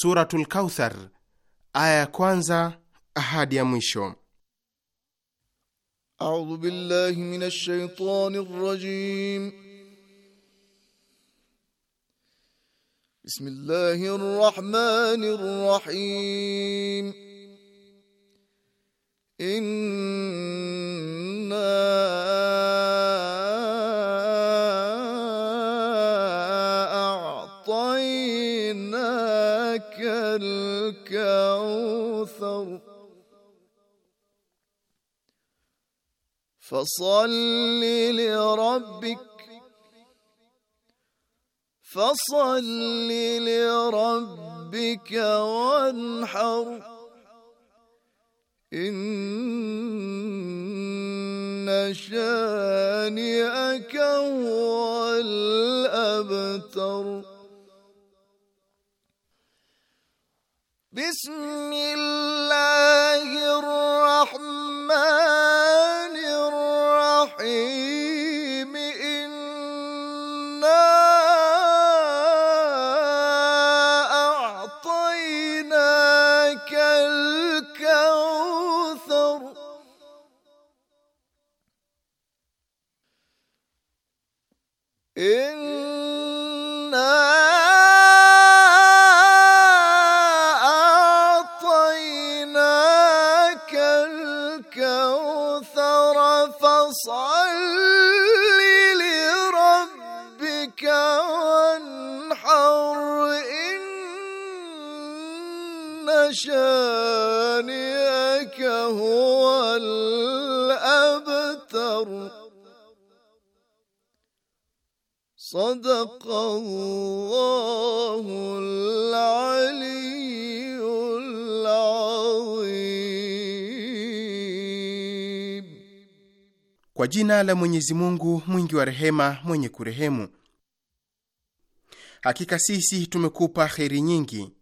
Suratul Kauthar aya ya kwanza hadi ya mwisho. A'udhu billahi minash shaitani rrajim. Bismillahir rahmanir rahim. Inna فصل لربك فصل لربك وانحر إن شانئك هو الأبتر بسم الله الرحمن free. الكوثر فصل لربك وانحر إن شانئك هو الأبتر صدق الله العليم Kwa jina la Mwenyezi Mungu mwingi wa rehema, mwenye kurehemu. Hakika sisi tumekupa kheri nyingi,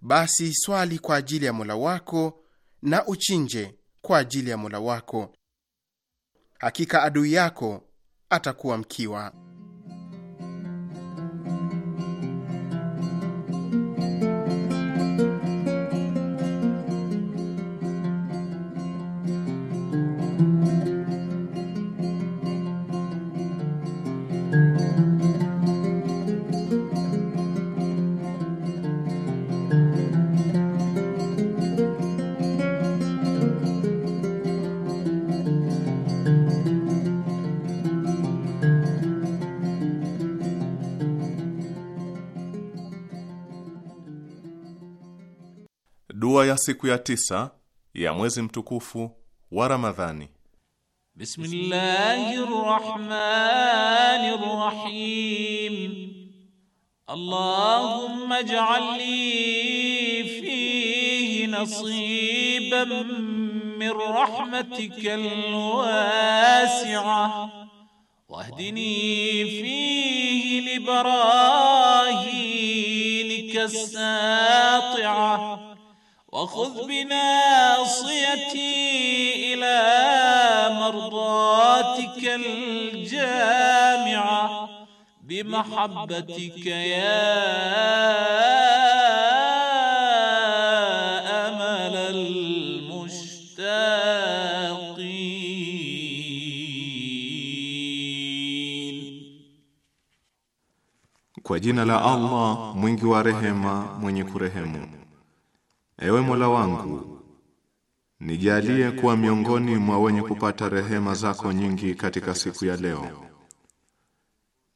basi swali kwa ajili ya mola wako na uchinje kwa ajili ya mola wako. Hakika adui yako atakuwa mkiwa. siku ya tisa ya mwezi mtukufu wa Ramadhani. Bismillahir Rahmanir Rahim. Allahumma ij'al fihi nasiban min rahmatikal wasi'ah wahdini fihi li barahinika وخذ بناصيتي إلى مرضاتك الجامعة بمحبتك يا أمل المشتاقين Kwa jina la Allah mwingi wa rehema mwenye kurehemu Ewe Mola wangu, nijalie kuwa miongoni mwa wenye kupata rehema zako nyingi katika siku ya leo,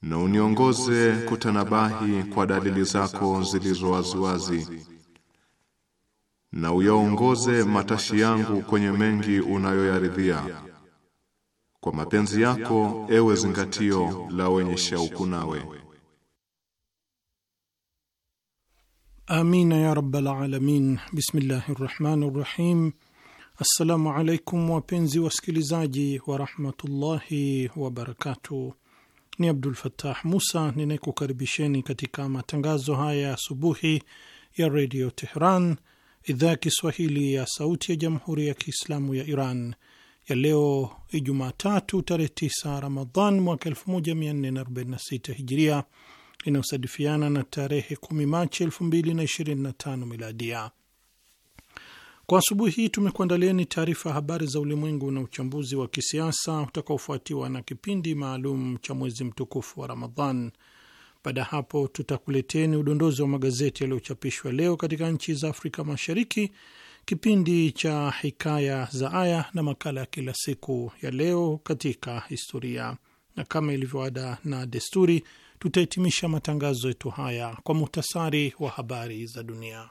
na uniongoze kutanabahi kwa dalili zako zilizo waziwazi, na uyaongoze matashi yangu kwenye mengi unayoyaridhia kwa mapenzi yako, ewe zingatio la wenye shauku nawe. Amina ya rabbal alamin. Bismillahi rahmani rahim. Assalamu alaikum wapenzi wasikilizaji warahmatullahi wabarakatuh. Ni Abdul Fattah Musa ninayekukaribisheni katika matangazo haya asubuhi ya redio Tehran, idhaa ya Kiswahili ya sauti ya jamhuri ya Kiislamu ya Iran ya leo Ijumatatu tarehe 9 Ramadhan mwaka 1446 hijiria inayosadifiana na tarehe 10 Machi 2025 miladia. Kwa asubuhi hii tumekuandalieni taarifa ya habari za ulimwengu na uchambuzi wa kisiasa utakaofuatiwa na kipindi maalum cha mwezi mtukufu wa Ramadhan. Baada ya hapo, tutakuleteni udondozi wa magazeti yaliyochapishwa leo katika nchi za Afrika Mashariki, kipindi cha hikaya za aya na makala ya kila siku ya leo katika historia, na kama ilivyoada na desturi tutahitimisha matangazo yetu haya kwa muhtasari wa habari za dunia.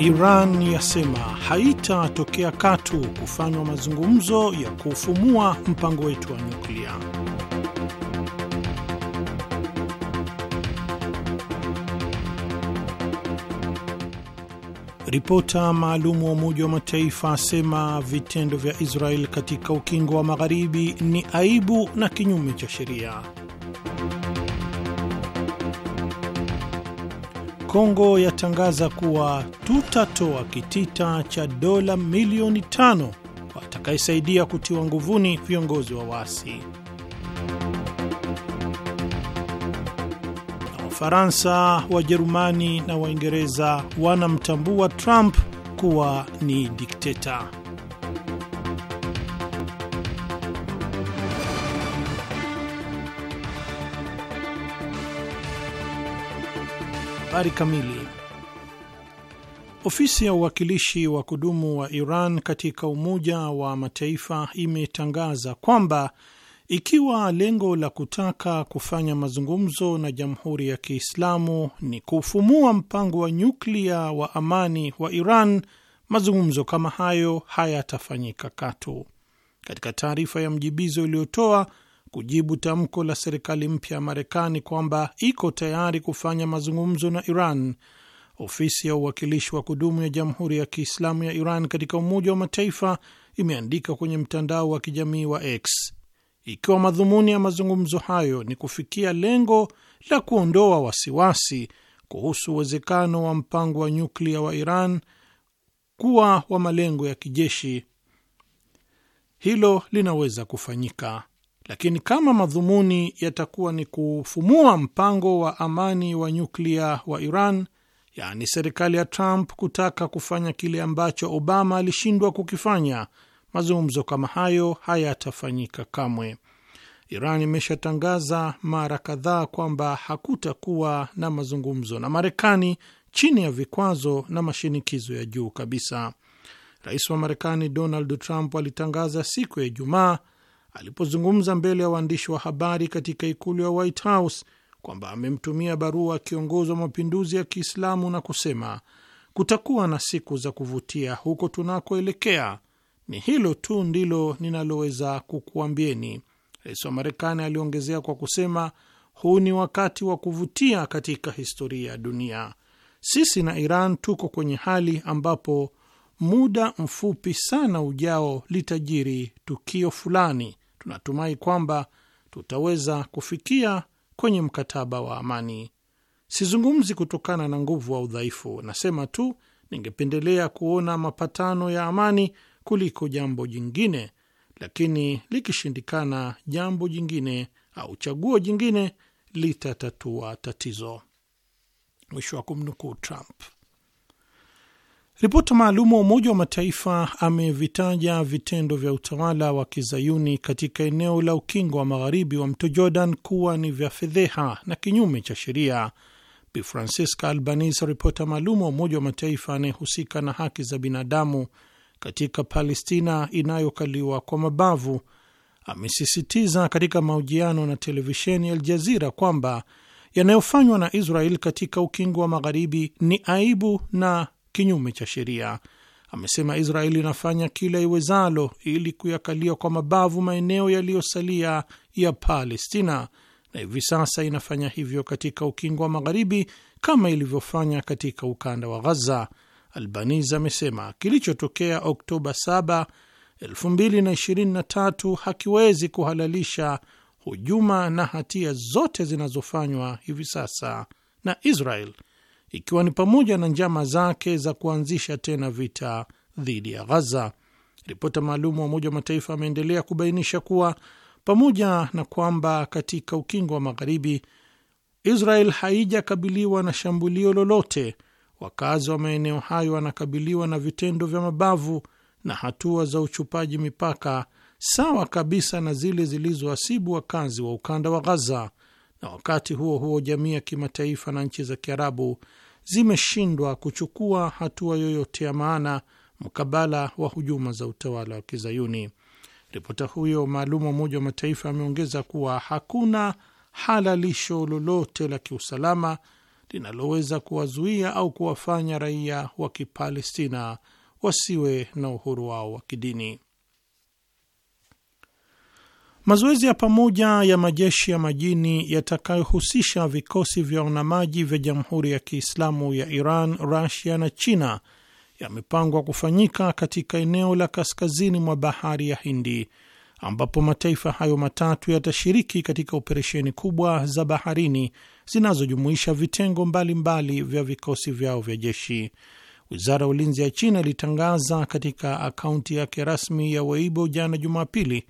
Iran yasema haitatokea katu kufanywa mazungumzo ya kufumua mpango wetu wa nyuklia. Ripota maalum wa Umoja wa Mataifa asema vitendo vya Israel katika ukingo wa magharibi ni aibu na kinyume cha sheria. Kongo yatangaza kuwa tutatoa kitita cha dola milioni tano watakayesaidia kutiwa nguvuni viongozi wa waasi. Na Wafaransa, Wajerumani na Waingereza wanamtambua Trump kuwa ni dikteta. Habari kamili. Ofisi ya uwakilishi wa kudumu wa Iran katika Umoja wa Mataifa imetangaza kwamba ikiwa lengo la kutaka kufanya mazungumzo na Jamhuri ya Kiislamu ni kufumua mpango wa nyuklia wa amani wa Iran, mazungumzo kama hayo hayatafanyika katu. Katika taarifa ya mjibizo iliyotoa kujibu tamko la serikali mpya ya Marekani kwamba iko tayari kufanya mazungumzo na Iran, ofisi ya uwakilishi wa kudumu ya Jamhuri ya Kiislamu ya Iran katika Umoja wa Mataifa imeandika kwenye mtandao wa kijamii wa X ikiwa madhumuni ya mazungumzo hayo ni kufikia lengo la kuondoa wasiwasi kuhusu uwezekano wa mpango wa nyuklia wa Iran kuwa wa malengo ya kijeshi. Hilo linaweza kufanyika lakini kama madhumuni yatakuwa ni kufumua mpango wa amani wa nyuklia wa Iran, yaani serikali ya Trump kutaka kufanya kile ambacho Obama alishindwa kukifanya, mazungumzo kama hayo hayatafanyika kamwe. Iran imeshatangaza mara kadhaa kwamba hakutakuwa na mazungumzo na Marekani chini ya vikwazo na mashinikizo ya juu kabisa. Rais wa Marekani Donald Trump alitangaza siku ya Ijumaa alipozungumza mbele ya waandishi wa habari katika ikulu ya White House kwamba amemtumia barua kiongozi wa mapinduzi ya Kiislamu na kusema kutakuwa na siku za kuvutia huko tunakoelekea. Ni hilo tu ndilo ninaloweza kukuambieni. Rais wa Marekani aliongezea kwa kusema, huu ni wakati wa kuvutia katika historia ya dunia. Sisi na Iran tuko kwenye hali ambapo muda mfupi sana ujao litajiri tukio fulani tunatumai kwamba tutaweza kufikia kwenye mkataba wa amani. Sizungumzi kutokana na nguvu au udhaifu, nasema tu ningependelea kuona mapatano ya amani kuliko jambo jingine, lakini likishindikana, jambo jingine au chaguo jingine litatatua tatizo. Mwisho wa kumnukuu Trump. Ripota maalum wa Umoja wa Mataifa amevitaja vitendo vya utawala wa kizayuni katika eneo la ukingo wa magharibi wa mto Jordan kuwa ni vya fedheha na kinyume cha sheria. Bi Francisca Albanese, ripota maalum wa Umoja wa Mataifa anayehusika na haki za binadamu katika Palestina inayokaliwa kwa mabavu, amesisitiza katika mahojiano na televisheni ya Aljazira kwamba yanayofanywa na Israel katika ukingo wa magharibi ni aibu na kinyume cha sheria. Amesema Israeli inafanya kila iwezalo ili kuyakalia kwa mabavu maeneo yaliyosalia ya Palestina, na hivi sasa inafanya hivyo katika ukingo wa Magharibi kama ilivyofanya katika ukanda wa Ghaza. Albaniz amesema kilichotokea Oktoba 7, 2023 hakiwezi kuhalalisha hujuma na hatia zote zinazofanywa hivi sasa na Israel ikiwa ni pamoja na njama zake za kuanzisha tena vita dhidi ya Ghaza. Ripota maalum wa Umoja wa Mataifa ameendelea kubainisha kuwa pamoja na kwamba katika ukingo wa Magharibi Israel haijakabiliwa na shambulio lolote, wakazi wa maeneo hayo wanakabiliwa na vitendo vya mabavu na hatua za uchupaji mipaka sawa kabisa na zile zilizoasibu wakazi wa ukanda wa Ghaza na wakati huo huo jamii ya kimataifa na nchi za Kiarabu zimeshindwa kuchukua hatua yoyote ya maana mkabala wa hujuma za utawala wa Kizayuni. Ripota huyo maalum wa Umoja wa Mataifa ameongeza kuwa hakuna halalisho lolote la kiusalama linaloweza kuwazuia au kuwafanya raia wa Kipalestina wasiwe na uhuru wao wa kidini. Mazoezi ya pamoja ya majeshi ya majini yatakayohusisha vikosi vya wanamaji vya Jamhuri ya Kiislamu ya Iran, Rusia na China yamepangwa kufanyika katika eneo la kaskazini mwa bahari ya Hindi ambapo mataifa hayo matatu yatashiriki katika operesheni kubwa za baharini zinazojumuisha vitengo mbalimbali mbali vya vikosi vyao vya jeshi. Wizara ya ulinzi ya China ilitangaza katika akaunti yake rasmi ya Weibo jana Jumapili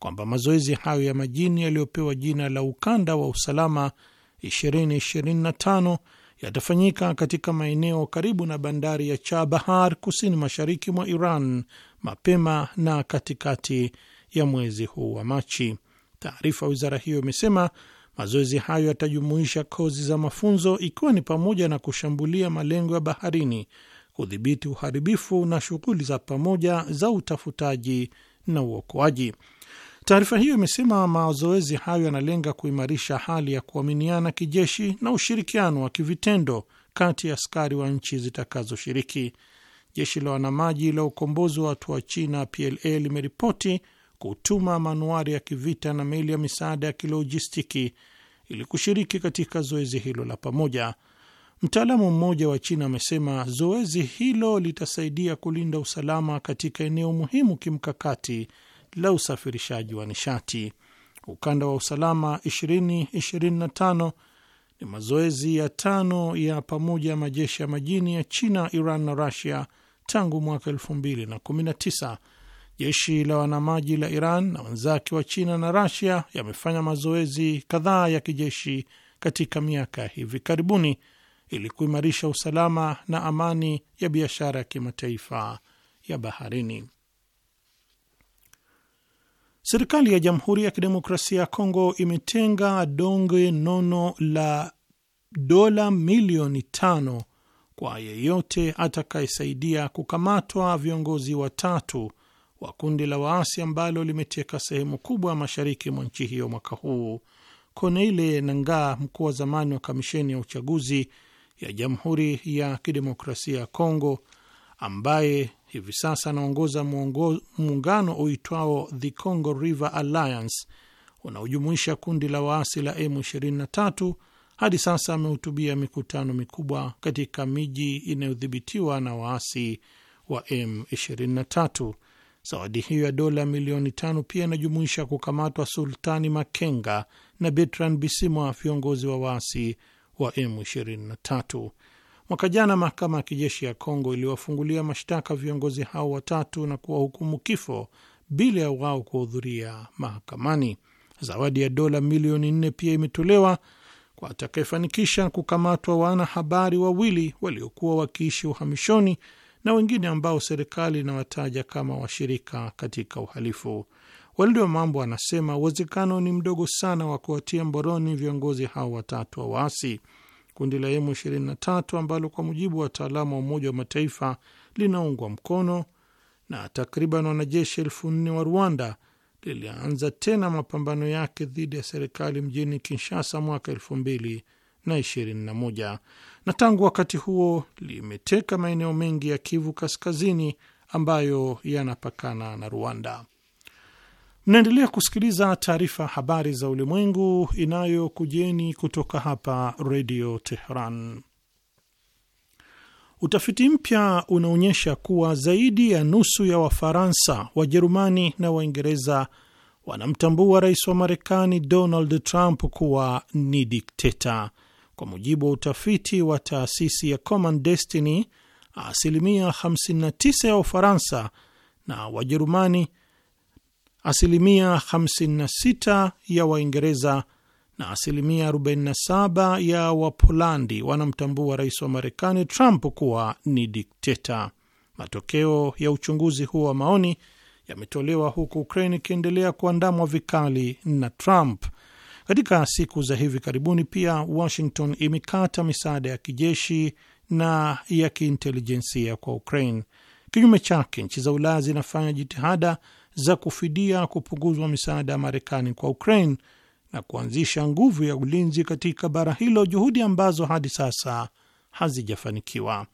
kwamba mazoezi hayo ya majini yaliyopewa jina la ukanda wa usalama 2025 yatafanyika katika maeneo karibu na bandari ya Chabahar kusini mashariki mwa Iran mapema na katikati ya mwezi huu wa Machi. Taarifa ya wizara hiyo imesema mazoezi hayo yatajumuisha kozi za mafunzo ikiwa ni pamoja na kushambulia malengo ya baharini, kudhibiti uharibifu na shughuli za pamoja za utafutaji na uokoaji. Taarifa hiyo imesema mazoezi hayo yanalenga kuimarisha hali ya kuaminiana kijeshi na ushirikiano wa kivitendo kati ya askari wa nchi zitakazoshiriki. Jeshi la wanamaji la ukombozi wa watu wa China PLA limeripoti kutuma manuari ya kivita na meli ya misaada ya kilojistiki ili kushiriki katika zoezi hilo la pamoja. Mtaalamu mmoja wa China amesema zoezi hilo litasaidia kulinda usalama katika eneo muhimu kimkakati la usafirishaji wa nishati. Ukanda wa usalama 2025 ni mazoezi ya tano ya pamoja ya majeshi ya majini ya China, Iran na Rusia tangu mwaka 2019. Jeshi la wanamaji la Iran na wenzake wa China na Rusia yamefanya mazoezi kadhaa ya kijeshi katika miaka hivi karibuni ili kuimarisha usalama na amani ya biashara ya kimataifa ya baharini. Serikali ya Jamhuri ya Kidemokrasia ya Kongo imetenga donge nono la dola milioni tano kwa yeyote atakayesaidia kukamatwa viongozi watatu wa kundi la waasi ambalo limeteka sehemu kubwa mashariki mwa nchi hiyo mwaka huu. Koneile nanga mkuu wa zamani wa kamisheni ya uchaguzi ya Jamhuri ya Kidemokrasia ya Kongo, ambaye hivi sasa anaongoza muungano uitwao The Congo River Alliance unaojumuisha kundi la waasi la M23. Hadi sasa amehutubia mikutano mikubwa katika miji inayodhibitiwa na waasi wa M23. Zawadi hiyo ya dola milioni tano pia inajumuisha kukamatwa Sultani Makenga na Bertrand Bisimwa, viongozi wa waasi wa M23. Mwaka jana mahakama ya kijeshi ya Kongo iliwafungulia mashtaka viongozi hao watatu na kuwahukumu kifo bila ya wao kuhudhuria mahakamani. Zawadi ya dola milioni nne pia imetolewa kwa atakayefanikisha kukamatwa wanahabari wawili waliokuwa wakiishi uhamishoni na wengine ambao serikali inawataja kama washirika katika uhalifu. Walidi wa mambo anasema uwezekano ni mdogo sana wa kuwatia mboroni viongozi hao watatu wa waasi. Kundi la M23 ambalo kwa mujibu wa wataalamu wa Umoja wa Mataifa linaungwa mkono na takriban wanajeshi elfu nne wa Rwanda lilianza tena mapambano yake dhidi ya serikali mjini Kinshasa mwaka elfu mbili na ishirini na moja na tangu wakati huo limeteka maeneo mengi ya Kivu Kaskazini ambayo yanapakana na Rwanda. Mnaendelea kusikiliza taarifa habari za ulimwengu inayokujeni kutoka hapa redio Tehran. Utafiti mpya unaonyesha kuwa zaidi ya nusu ya Wafaransa, Wajerumani na Waingereza wanamtambua rais wa Marekani Donald Trump kuwa ni dikteta. Kwa mujibu wa utafiti wa taasisi ya Common Destiny, asilimia 59 ya Wafaransa na Wajerumani asilimia 56 ya Waingereza na asilimia 47 ya Wapolandi wanamtambua rais wa Marekani Trump kuwa ni dikteta. Matokeo ya uchunguzi huo wa maoni yametolewa huku Ukraine ikiendelea kuandamwa vikali na Trump. Katika siku za hivi karibuni, pia Washington imekata misaada ya kijeshi na ya kiintelijensia kwa Ukraine. Kinyume chake, nchi za Ulaya zinafanya jitihada za kufidia kupunguzwa misaada ya Marekani kwa Ukraine na kuanzisha nguvu ya ulinzi katika bara hilo, juhudi ambazo hadi sasa hazijafanikiwa.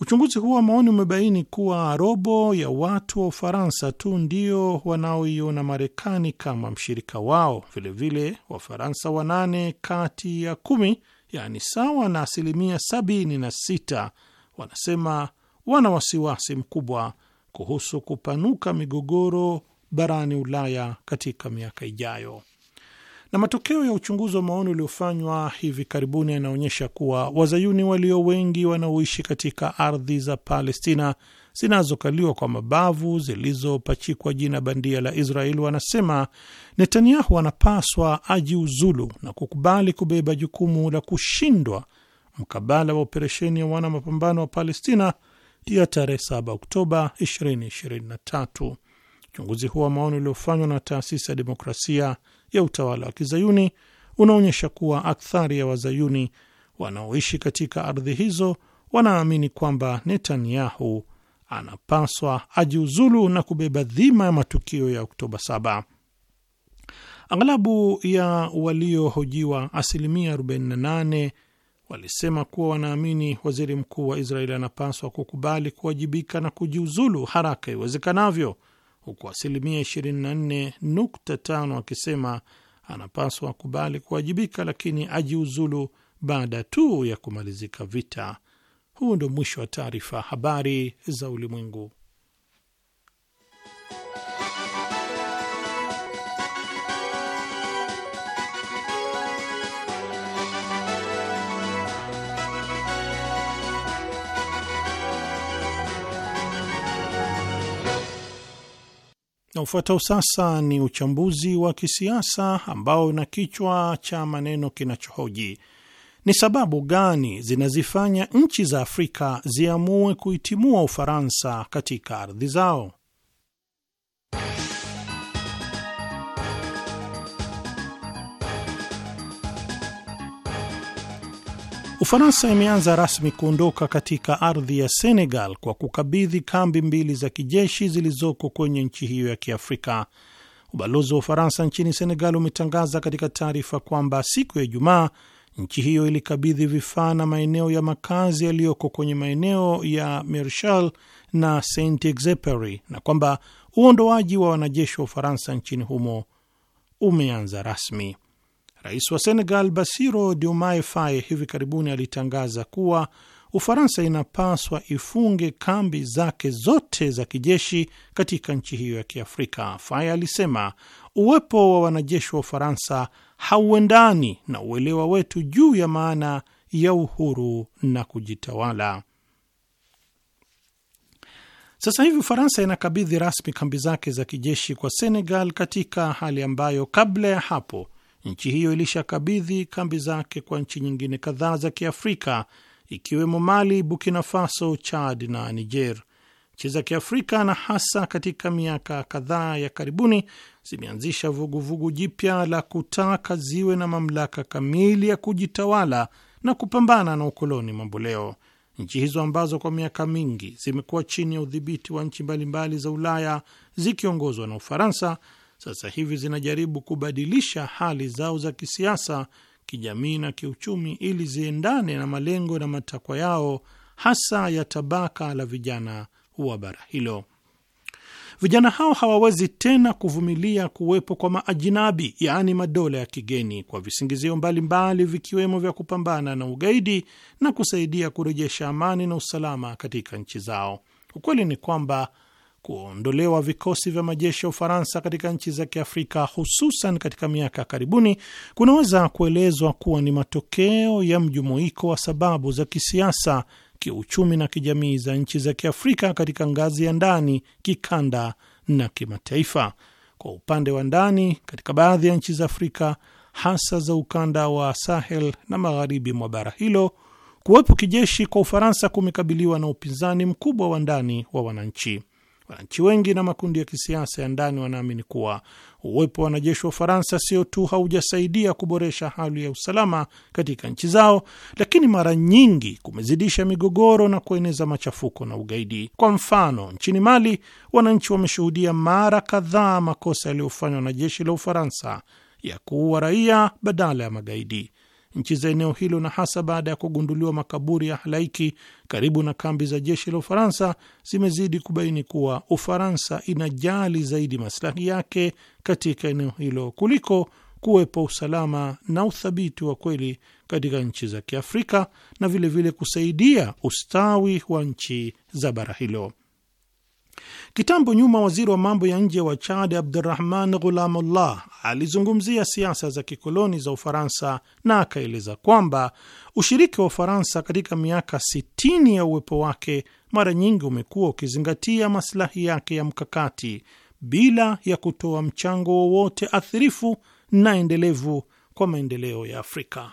Uchunguzi huu wa maoni umebaini kuwa robo ya watu wa Ufaransa tu ndio wanaoiona Marekani kama mshirika wao. Vilevile, Wafaransa wanane kati ya kumi, yaani sawa na asilimia sabini na sita, wanasema wana wasiwasi mkubwa kuhusu kupanuka migogoro barani Ulaya katika miaka ijayo. Na matokeo ya uchunguzi wa maoni uliofanywa hivi karibuni yanaonyesha kuwa wazayuni walio wengi wanaoishi katika ardhi za Palestina zinazokaliwa kwa mabavu zilizopachikwa jina bandia la israel wanasema Netanyahu anapaswa ajiuzulu na kukubali kubeba jukumu la kushindwa mkabala wa operesheni ya wana mapambano wa Palestina ya tarehe 7 Oktoba 2023. Uchunguzi huo wa maoni uliofanywa na taasisi ya demokrasia ya utawala wa kizayuni unaonyesha kuwa akthari ya wazayuni wanaoishi katika ardhi hizo wanaamini kwamba Netanyahu anapaswa ajiuzulu na kubeba dhima ya matukio ya Oktoba 7. Aghalabu ya waliohojiwa, asilimia 48 walisema kuwa wanaamini waziri mkuu wa Israeli anapaswa kukubali kuwajibika na kujiuzulu haraka iwezekanavyo, huku asilimia 24.5 wakisema anapaswa kubali kuwajibika lakini ajiuzulu baada tu ya kumalizika vita. Huu ndio mwisho wa taarifa habari za ulimwengu. Na ufuatao sasa ni uchambuzi wa kisiasa ambao una kichwa cha maneno kinachohoji ni sababu gani zinazifanya nchi za Afrika ziamue kuitimua Ufaransa katika ardhi zao. Ufaransa imeanza rasmi kuondoka katika ardhi ya Senegal kwa kukabidhi kambi mbili za kijeshi zilizoko kwenye nchi hiyo ya Kiafrika. Ubalozi wa Ufaransa nchini Senegal umetangaza katika taarifa kwamba siku ya Ijumaa nchi hiyo ilikabidhi vifaa na maeneo ya makazi yaliyoko kwenye maeneo ya Mershal na Saint Exupery na kwamba uondoaji wa wanajeshi wa Ufaransa nchini humo umeanza rasmi. Rais wa Senegal Basiro Diomaye Faye hivi karibuni alitangaza kuwa Ufaransa inapaswa ifunge kambi zake zote za kijeshi katika nchi hiyo ya Kiafrika. Faye alisema uwepo wa wanajeshi wa Ufaransa hauendani na uelewa wetu juu ya maana ya uhuru na kujitawala. Sasa hivi Ufaransa inakabidhi rasmi kambi zake za kijeshi kwa Senegal katika hali ambayo kabla ya hapo Nchi hiyo ilishakabidhi kambi zake kwa nchi nyingine kadhaa za Kiafrika ikiwemo Mali, Burkina Faso, Chad na Niger. Nchi za Kiafrika na hasa katika miaka kadhaa ya karibuni zimeanzisha vuguvugu jipya la kutaka ziwe na mamlaka kamili ya kujitawala na kupambana na ukoloni mamboleo. Nchi hizo ambazo kwa miaka mingi zimekuwa chini ya udhibiti wa nchi mbalimbali za Ulaya zikiongozwa na Ufaransa sasa hivi zinajaribu kubadilisha hali zao za kisiasa, kijamii na kiuchumi ili ziendane na malengo na matakwa yao hasa ya tabaka la vijana wa bara hilo. Vijana hao hawawezi tena kuvumilia kuwepo kwa maajinabi, yaani madola ya kigeni, kwa visingizio mbalimbali vikiwemo vya kupambana na ugaidi na kusaidia kurejesha amani na usalama katika nchi zao. Ukweli ni kwamba kuondolewa vikosi vya majeshi ya Ufaransa katika nchi za Kiafrika, hususan katika miaka ya karibuni, kunaweza kuelezwa kuwa ni matokeo ya mjumuiko wa sababu za kisiasa, kiuchumi na kijamii za nchi za Kiafrika katika ngazi ya ndani, kikanda na kimataifa. Kwa upande wa ndani, katika baadhi ya nchi za Afrika hasa za ukanda wa Sahel na magharibi mwa bara hilo, kuwepo kijeshi kwa Ufaransa kumekabiliwa na upinzani mkubwa wa ndani wa wananchi. Wananchi wengi na makundi ya kisiasa ya ndani wanaamini kuwa uwepo wa wanajeshi wa Ufaransa sio tu haujasaidia kuboresha hali ya usalama katika nchi zao, lakini mara nyingi kumezidisha migogoro na kueneza machafuko na ugaidi. Kwa mfano, nchini Mali wananchi wameshuhudia mara kadhaa makosa yaliyofanywa na jeshi la Ufaransa ya kuua raia badala ya magaidi nchi za eneo hilo, na hasa baada ya kugunduliwa makaburi ya halaiki karibu na kambi za jeshi la Ufaransa, zimezidi kubaini kuwa Ufaransa inajali zaidi maslahi yake katika eneo hilo kuliko kuwepo usalama na uthabiti wa kweli katika nchi za Kiafrika na vilevile vile kusaidia ustawi wa nchi za bara hilo. Kitambo nyuma, waziri wa mambo ya nje wa Chad Abdurahman Ghulamullah alizungumzia siasa za kikoloni za Ufaransa na akaeleza kwamba ushiriki wa Ufaransa katika miaka 60 ya uwepo wake mara nyingi umekuwa ukizingatia maslahi yake ya mkakati bila ya kutoa mchango wowote athirifu na endelevu kwa maendeleo ya Afrika.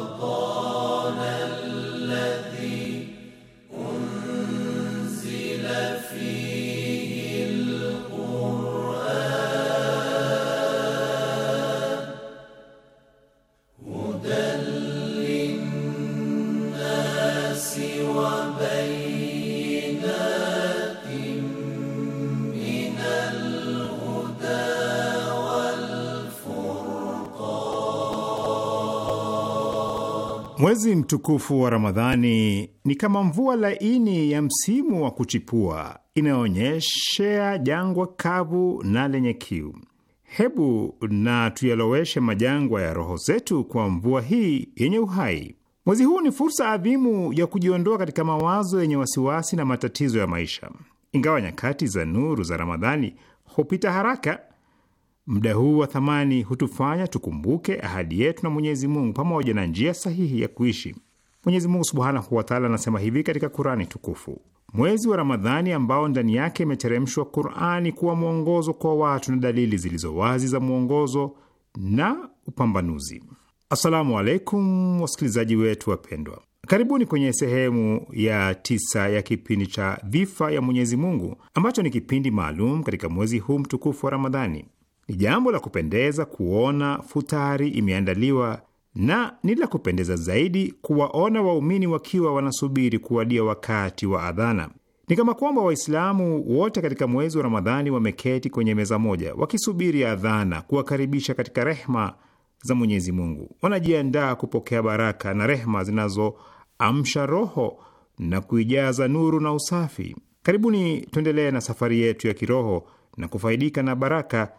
Mwezi mtukufu wa Ramadhani ni kama mvua laini ya msimu wa kuchipua inayoonyeshea jangwa kavu na lenye kiu. Hebu na tuyaloweshe majangwa ya roho zetu kwa mvua hii yenye uhai. Mwezi huu ni fursa adhimu ya kujiondoa katika mawazo yenye wasiwasi na matatizo ya maisha. Ingawa nyakati za nuru za Ramadhani hupita haraka, Muda huu wa thamani hutufanya tukumbuke ahadi yetu na Mwenyezi Mungu pamoja na njia sahihi ya kuishi. Mwenyezi Mungu subhanahu wataala anasema hivi katika Kurani tukufu: mwezi wa Ramadhani ambao ndani yake imeteremshwa kurani kuwa mwongozo kwa watu na dalili zilizo wazi za mwongozo na upambanuzi. Assalamu alaikum wasikilizaji wetu wapendwa, karibuni kwenye sehemu ya tisa ya kipindi cha Dhifa ya Mwenyezi Mungu ambacho ni kipindi maalum katika mwezi huu mtukufu wa Ramadhani. Ni jambo la kupendeza kuona futari imeandaliwa na ni la kupendeza zaidi kuwaona waumini wakiwa wanasubiri kuwadia wakati wa adhana. Ni kama kwamba Waislamu wote katika mwezi wa Ramadhani wameketi kwenye meza moja wakisubiri adhana kuwakaribisha katika rehma za Mwenyezi Mungu. Wanajiandaa kupokea baraka na rehma zinazoamsha roho na kuijaza nuru na usafi. Karibuni tuendelee na safari yetu ya kiroho na kufaidika na baraka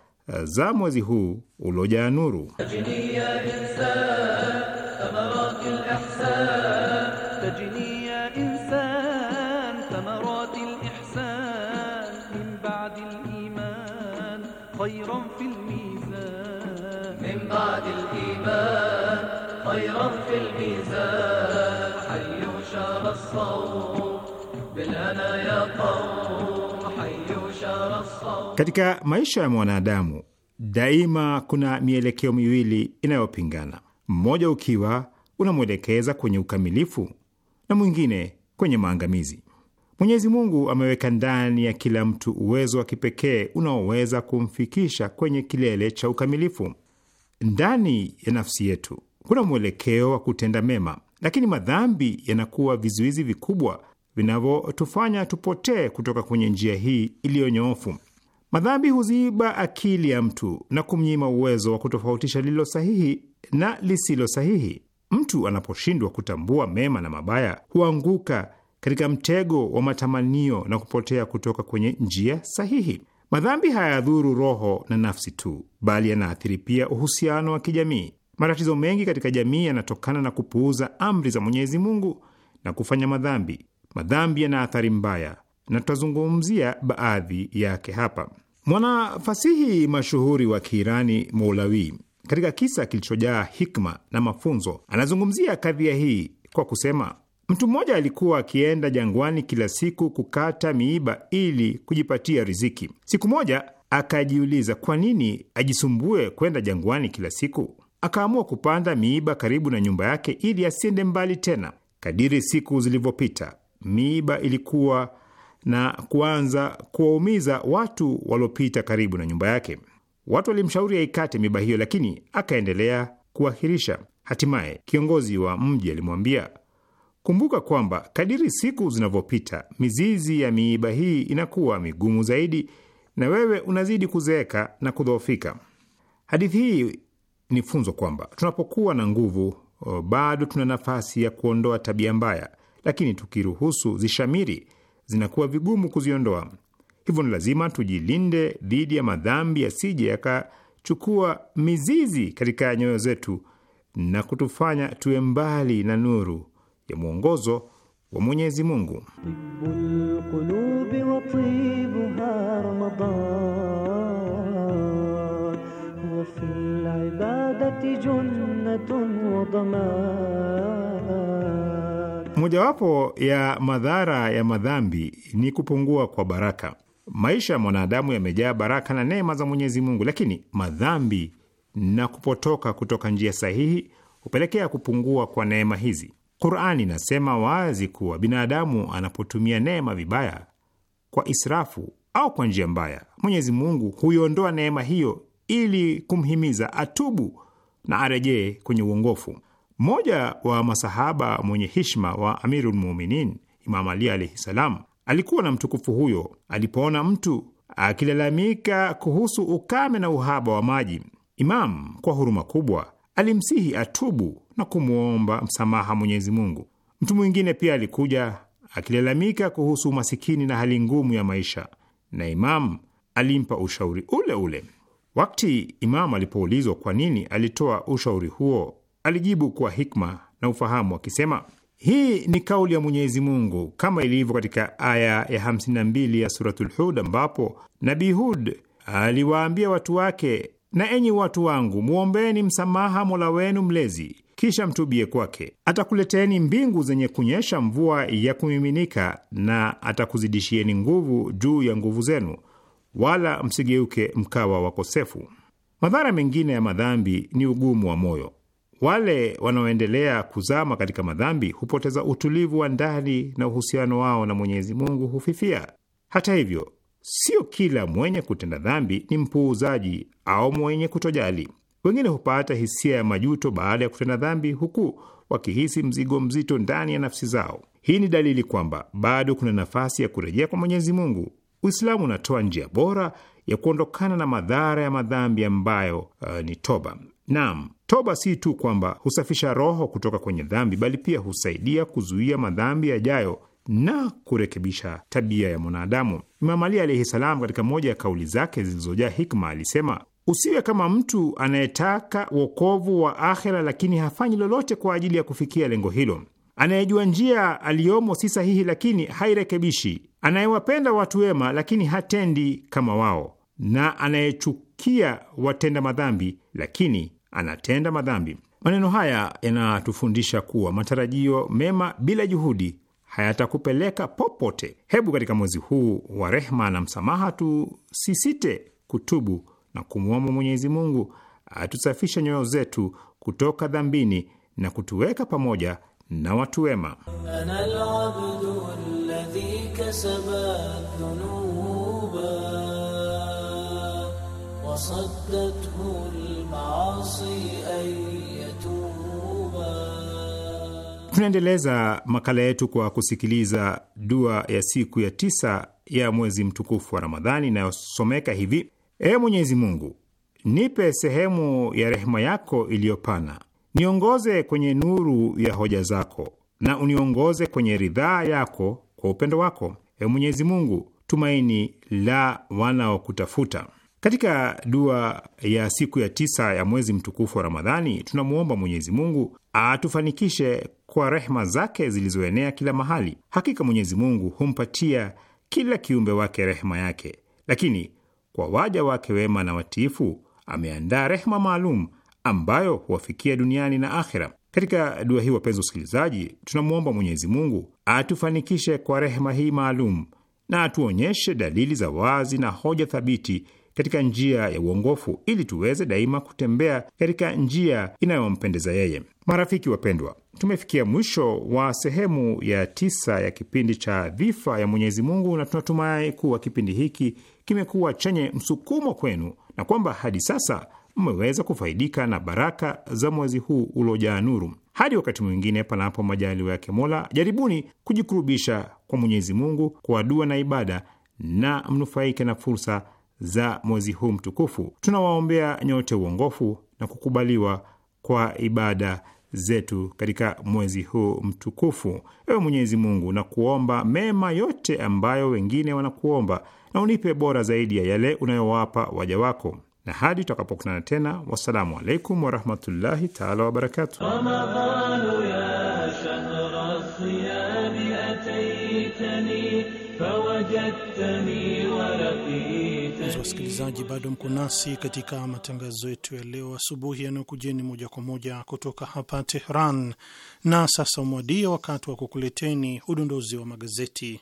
za mwezi huu uliojaa nuru. Katika maisha ya mwanadamu daima kuna mielekeo miwili inayopingana, mmoja ukiwa unamwelekeza kwenye ukamilifu na mwingine kwenye maangamizi. Mwenyezi Mungu ameweka ndani ya kila mtu uwezo wa kipekee unaoweza kumfikisha kwenye kilele cha ukamilifu. Ndani ya nafsi yetu kuna mwelekeo wa kutenda mema, lakini madhambi yanakuwa vizuizi vikubwa vinavyotufanya tupotee kutoka kwenye njia hii iliyonyoofu. Madhambi huziba akili ya mtu na kumnyima uwezo wa kutofautisha lililo sahihi na lisilo sahihi. Mtu anaposhindwa kutambua mema na mabaya, huanguka katika mtego wa matamanio na kupotea kutoka kwenye njia sahihi. Madhambi hayadhuru roho na nafsi tu, bali yanaathiri pia uhusiano wa kijamii. Matatizo mengi katika jamii yanatokana na kupuuza amri za Mwenyezi Mungu na kufanya madhambi. Madhambi yana athari mbaya na tutazungumzia baadhi yake hapa. Mwanafasihi mashuhuri wa Kiirani Moulawi katika kisa kilichojaa hikma na mafunzo anazungumzia kadhia hii kwa kusema, mtu mmoja alikuwa akienda jangwani kila siku kukata miiba ili kujipatia riziki. Siku moja akajiuliza kwa nini ajisumbue kwenda jangwani kila siku. Akaamua kupanda miiba karibu na nyumba yake ili asiende mbali tena. Kadiri siku zilivyopita, miiba ilikuwa na kuanza kuwaumiza watu waliopita karibu na nyumba yake. Watu walimshauri aikate miba hiyo, lakini akaendelea kuahirisha. Hatimaye kiongozi wa mji alimwambia, kumbuka kwamba kadiri siku zinavyopita mizizi ya miiba hii inakuwa migumu zaidi, na wewe unazidi kuzeeka na kudhoofika. Hadithi hii ni funzo kwamba tunapokuwa na nguvu oh, bado tuna nafasi ya kuondoa tabia mbaya, lakini tukiruhusu zishamiri zinakuwa vigumu kuziondoa. Hivyo ni lazima tujilinde dhidi ya madhambi yasije yakachukua mizizi katika nyoyo zetu na kutufanya tuwe mbali na nuru ya mwongozo wa Mwenyezi Mungu. Mojawapo ya madhara ya madhambi ni kupungua kwa baraka. Maisha ya mwanadamu yamejaa baraka na neema za Mwenyezi Mungu, lakini madhambi na kupotoka kutoka njia sahihi hupelekea kupungua kwa neema hizi. Qurani inasema wazi kuwa binadamu anapotumia neema vibaya, kwa israfu au kwa njia mbaya, Mwenyezi Mungu huiondoa neema hiyo ili kumhimiza atubu na arejee kwenye uongofu. Mmoja wa masahaba mwenye hishma wa Amirulmuminin Imam Ali alaihi salam alikuwa na mtukufu huyo. Alipoona mtu akilalamika kuhusu ukame na uhaba wa maji, Imam kwa huruma kubwa alimsihi atubu na kumwomba msamaha Mwenyezi Mungu. Mtu mwingine pia alikuja akilalamika kuhusu umasikini na hali ngumu ya maisha, na Imam alimpa ushauri ule ule. Wakati Imam alipoulizwa kwa nini alitoa ushauri huo alijibu kwa hikma na ufahamu akisema, hii ni kauli ya Mwenyezi Mungu kama ilivyo katika aya ya 52 ya Suratul Hud ambapo Nabii Hud aliwaambia watu wake, na enyi watu wangu, mwombeni msamaha Mola wenu mlezi kisha mtubie kwake, atakuleteni mbingu zenye kunyesha mvua ya kumiminika, na atakuzidishieni nguvu juu ya nguvu zenu, wala msigeuke mkawa wakosefu. Madhara mengine ya madhambi ni ugumu wa moyo. Wale wanaoendelea kuzama katika madhambi hupoteza utulivu wa ndani na uhusiano wao na Mwenyezi Mungu hufifia. Hata hivyo, sio kila mwenye kutenda dhambi ni mpuuzaji au mwenye kutojali. Wengine hupata hisia ya majuto baada ya kutenda dhambi, huku wakihisi mzigo mzito ndani ya nafsi zao. Hii ni dalili kwamba bado kuna nafasi ya kurejea kwa Mwenyezi Mungu. Uislamu unatoa njia bora ya kuondokana na madhara ya madhambi ambayo uh, ni toba. Naam, toba si tu kwamba husafisha roho kutoka kwenye dhambi, bali pia husaidia kuzuia madhambi yajayo na kurekebisha tabia ya mwanadamu. Imam Ali alaihi salam, katika moja ya kauli zake zilizojaa hikma, alisema usiwe kama mtu anayetaka wokovu wa akhera, lakini hafanyi lolote kwa ajili ya kufikia lengo hilo, anayejua njia aliyomo si sahihi, lakini hairekebishi, anayewapenda watu wema, lakini hatendi kama wao, na anayechukia watenda madhambi, lakini anatenda madhambi. Maneno haya yanatufundisha kuwa matarajio mema bila juhudi hayatakupeleka popote. Hebu katika mwezi huu wa rehma na msamaha tusisite kutubu na kumwomba Mwenyezi Mungu atusafishe nyoyo zetu kutoka dhambini na kutuweka pamoja na watu wema. Tunaendeleza makala yetu kwa kusikiliza dua ya siku ya tisa ya mwezi mtukufu wa Ramadhani inayosomeka hivi: Ee Mwenyezi Mungu, nipe sehemu ya rehema yako iliyopana, niongoze kwenye nuru ya hoja zako, na uniongoze kwenye ridhaa yako kwa upendo wako. Ee Mwenyezi Mungu, tumaini la wanaokutafuta. Katika dua ya siku ya tisa ya mwezi mtukufu wa Ramadhani tunamwomba Mwenyezi Mungu atufanikishe kwa rehma zake zilizoenea kila mahali. Hakika Mwenyezi Mungu humpatia kila kiumbe wake rehma yake, lakini kwa waja wake wema na watiifu ameandaa rehma maalum ambayo huwafikia duniani na akhira Katika dua hii, wapenzi usikilizaji tunamwomba Mwenyezi Mungu atufanikishe kwa rehma hii maalum na atuonyeshe dalili za wazi na hoja thabiti katika njia ya uongofu ili tuweze daima kutembea katika njia inayompendeza yeye. Marafiki wapendwa, tumefikia mwisho wa sehemu ya tisa ya kipindi cha vifa ya Mwenyezi Mungu, na tunatumai kuwa kipindi hiki kimekuwa chenye msukumo kwenu na kwamba hadi sasa mmeweza kufaidika na baraka za mwezi huu uliojaa nuru. Hadi wakati mwingine, panapo majaliwa yake Mola, jaribuni kujikurubisha kwa Mwenyezi Mungu kwa dua na ibada, na mnufaike na fursa za mwezi huu mtukufu. Tunawaombea nyote uongofu na kukubaliwa kwa ibada zetu katika mwezi huu mtukufu. Ewe Mwenyezi Mungu, na kuomba mema yote ambayo wengine wanakuomba, na unipe bora zaidi ya yale unayowapa waja wako, na hadi tutakapokutana tena, wassalamu alaikum warahmatullahi taala wabarakatuh wasikilizaji, bado mko nasi katika matangazo yetu ya leo asubuhi yanayokujeni moja kwa moja kutoka hapa Tehran. Na sasa umwadia wakati wa kukuleteni udondozi wa magazeti.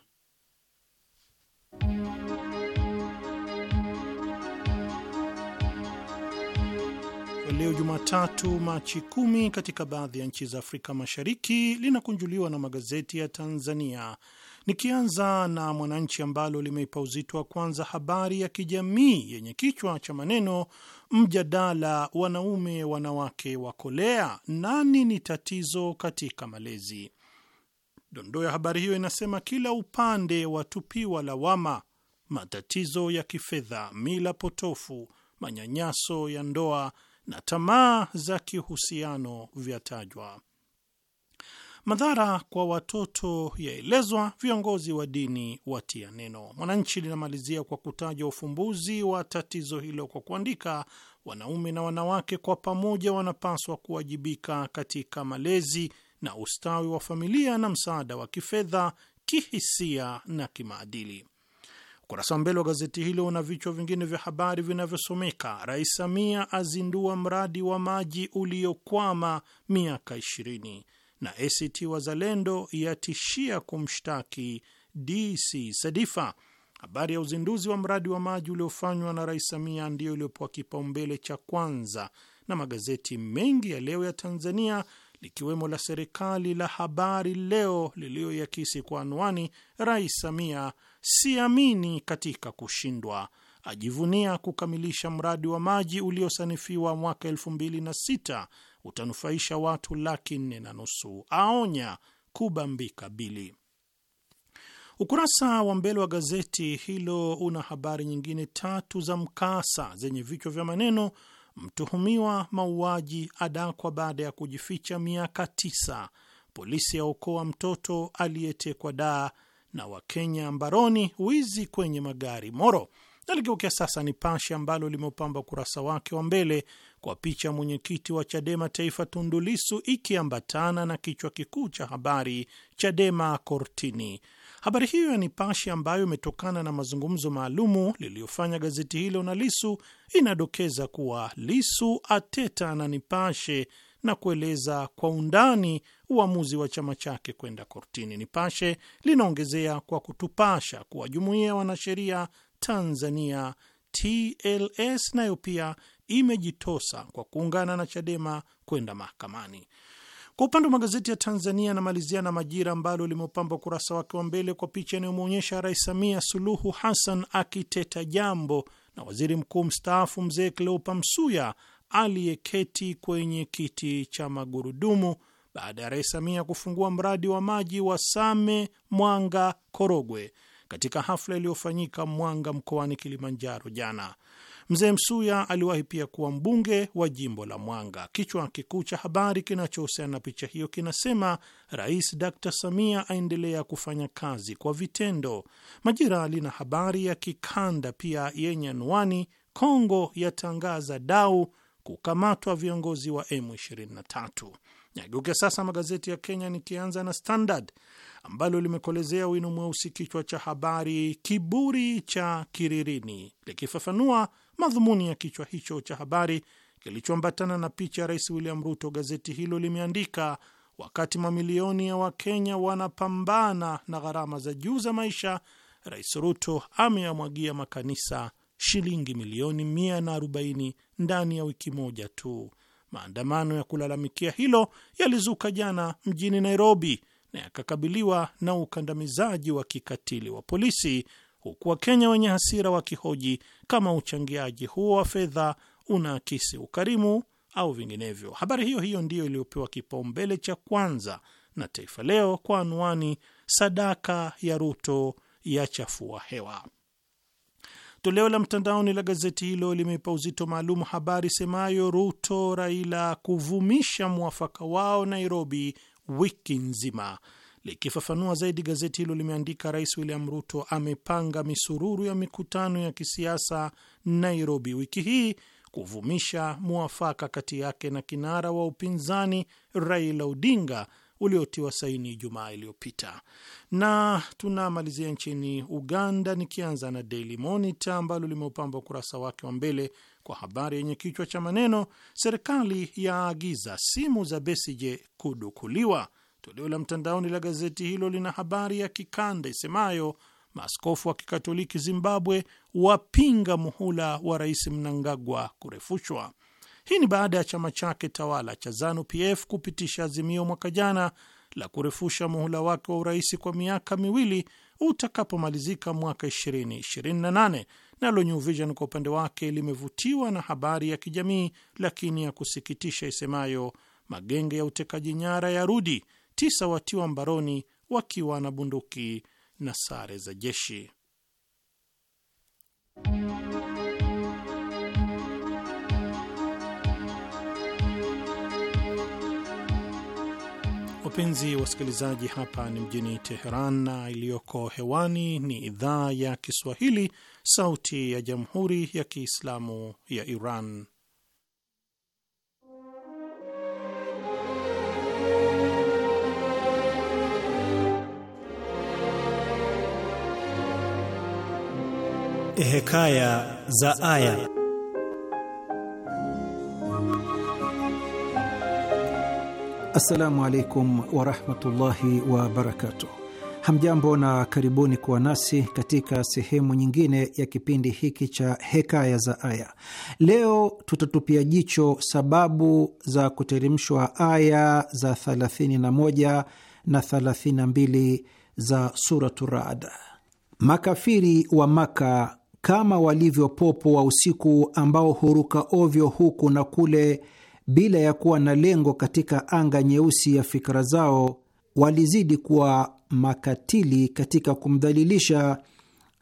Leo Jumatatu, Machi kumi, katika baadhi ya nchi za Afrika Mashariki linakunjuliwa na magazeti ya Tanzania Nikianza na Mwananchi ambalo limeipa uzito wa kwanza habari ya kijamii yenye kichwa cha maneno mjadala, wanaume wanawake wakolea, nani ni tatizo katika malezi? Dondoo ya habari hiyo inasema kila upande watupiwa lawama, matatizo ya kifedha, mila potofu, manyanyaso ya ndoa na tamaa za kihusiano vyatajwa. Madhara kwa watoto yaelezwa, viongozi wa dini watia neno. Mwananchi linamalizia kwa kutaja ufumbuzi wa tatizo hilo kwa kuandika, wanaume na wanawake kwa pamoja wanapaswa kuwajibika katika malezi na ustawi wa familia na msaada wa kifedha, kihisia na kimaadili. Ukurasa wa mbele wa gazeti hilo una vichwa vingine vya habari vinavyosomeka: Rais Samia azindua mradi wa maji uliokwama miaka ishirini na ACT Wazalendo yatishia kumshtaki DC Sadifa. Habari ya uzinduzi wa mradi wa maji uliofanywa na Rais Samia ndiyo iliyopewa kipaumbele cha kwanza na magazeti mengi ya leo ya Tanzania likiwemo la serikali la Habari Leo liliyoyakisi kwa anwani, Rais Samia siamini katika kushindwa, ajivunia kukamilisha mradi wa maji uliosanifiwa mwaka elfu mbili na sita utanufaisha watu laki nne na nusu, aonya kubambika bili. Ukurasa wa mbele wa gazeti hilo una habari nyingine tatu za mkasa zenye vichwa vya maneno: mtuhumiwa mauaji adakwa baada ya kujificha miaka tisa, polisi yaokoa mtoto aliyetekwa daa, na Wakenya mbaroni wizi kwenye magari Moro. Naligeukia sasa Nipashe ambalo limeupamba ukurasa wake wa mbele kwa picha mwenyekiti wa Chadema Taifa Tundu ikiambatana na kichwa kikuu cha habari Chadema kortini. Habari hiyo ya nipashi ambayo imetokana na mazungumzo maalumu liliyofanya gazeti hilo na Lisu inadokeza kuwa Lisu ateta na Nipashe na kueleza kwa undani uamuzi wa chama chake kwenda kortini. Nipashe linaongezea kwa kutupasha kuwa jumuiya ya wanasheria Tanzania TLS nayo pia imejitosa kwa kuungana na Chadema kwenda mahakamani. Kwa upande wa magazeti ya Tanzania, anamalizia na Majira ambalo limeupamba ukurasa wake wa mbele kwa picha inayomwonyesha Rais Samia Suluhu Hassan akiteta jambo na waziri mkuu mstaafu Mzee Kleopa Msuya aliyeketi kwenye kiti cha magurudumu baada ya Rais Samia kufungua mradi wa maji wa Same Mwanga Korogwe katika hafla iliyofanyika Mwanga mkoani Kilimanjaro jana. Mzee Msuya aliwahi pia kuwa mbunge wa jimbo la Mwanga. Kichwa kikuu cha habari kinachohusiana na picha hiyo kinasema Rais Dr Samia aendelea kufanya kazi kwa vitendo. Majira lina habari ya kikanda pia yenye anwani Kongo yatangaza dau kukamatwa viongozi wa M23. Nageukia sasa magazeti ya Kenya, nikianza na Standard ambalo limekolezea wino mweusi kichwa cha habari kiburi cha Kiririni, likifafanua Madhumuni ya kichwa hicho cha habari kilichoambatana na picha ya Rais William Ruto, gazeti hilo limeandika wakati mamilioni ya Wakenya wanapambana na gharama za juu za maisha, Rais Ruto ameyamwagia makanisa shilingi milioni 140 ndani ya wiki moja tu. Maandamano ya kulalamikia hilo yalizuka jana mjini Nairobi na yakakabiliwa na ukandamizaji wa kikatili wa polisi huku Wakenya wenye hasira wakihoji kama uchangiaji huo wa fedha unaakisi ukarimu au vinginevyo. Habari hiyo hiyo ndiyo iliyopewa kipaumbele cha kwanza na Taifa Leo kwa anwani sadaka ya Ruto ya chafua hewa. Toleo la mtandaoni la gazeti hilo limeipa uzito maalum habari semayo Ruto Raila kuvumisha mwafaka wao Nairobi wiki nzima. Likifafanua zaidi, gazeti hilo limeandika, Rais William Ruto amepanga misururu ya mikutano ya kisiasa Nairobi wiki hii kuvumisha mwafaka kati yake na kinara wa upinzani Raila Odinga uliotiwa saini Ijumaa iliyopita. Na tunamalizia nchini Uganda, nikianza na Daily Monitor ambalo limeupamba ukurasa wake wa mbele kwa habari yenye kichwa cha maneno serikali yaagiza simu za Besigye kudukuliwa. Toleo la mtandaoni la gazeti hilo lina habari ya kikanda isemayo maaskofu wa kikatoliki Zimbabwe wapinga muhula wa rais Mnangagwa kurefushwa. Hii ni baada ya chama chake tawala cha ZANU PF kupitisha azimio mwaka jana la kurefusha muhula wake wa urais kwa miaka miwili utakapomalizika mwaka 2028. Nalo New Vision kwa upande wake limevutiwa na habari ya kijamii lakini ya kusikitisha isemayo magenge ya utekaji nyara ya rudi tisa watiwa mbaroni wakiwa na bunduki na sare za jeshi. Wapenzi wasikilizaji, hapa ni mjini Teheran na iliyoko hewani ni idhaa ya Kiswahili, Sauti ya Jamhuri ya Kiislamu ya Iran. Eh, hekaya za Aya. Assalamu alaikum warahmatullahi wabarakatuh. Hamjambo na karibuni kuwa nasi katika sehemu nyingine ya kipindi hiki cha Hekaya za Aya. Leo tutatupia jicho sababu za kuteremshwa aya za 31 na 32 za Suratu Raad. Makafiri wa Maka kama walivyo popo wa usiku ambao huruka ovyo huku na kule bila ya kuwa na lengo katika anga nyeusi ya fikra zao, walizidi kuwa makatili katika kumdhalilisha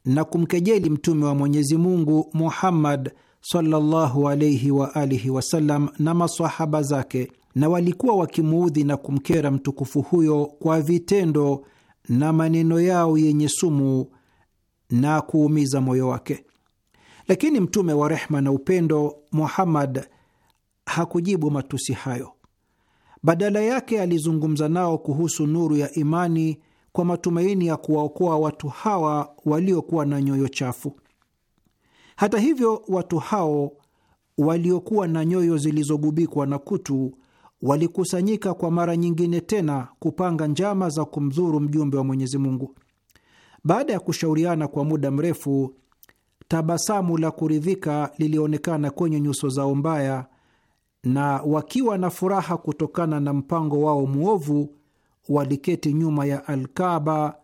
na kumkejeli Mtume wa Mwenyezi Mungu Muhammad sallallahu alayhi wa alihi wasallam na masahaba zake, na walikuwa wakimuudhi na kumkera mtukufu huyo kwa vitendo na maneno yao yenye sumu na kuumiza moyo wake, lakini mtume wa rehma na upendo Muhammad hakujibu matusi hayo. Badala yake alizungumza nao kuhusu nuru ya imani kwa matumaini ya kuwaokoa watu hawa waliokuwa na nyoyo chafu. Hata hivyo, watu hao waliokuwa na nyoyo zilizogubikwa na kutu walikusanyika kwa mara nyingine tena kupanga njama za kumdhuru mjumbe wa Mwenyezi Mungu. Baada ya kushauriana kwa muda mrefu, tabasamu la kuridhika lilionekana kwenye nyuso zao mbaya, na wakiwa na furaha kutokana na mpango wao mwovu, waliketi nyuma ya Alkaba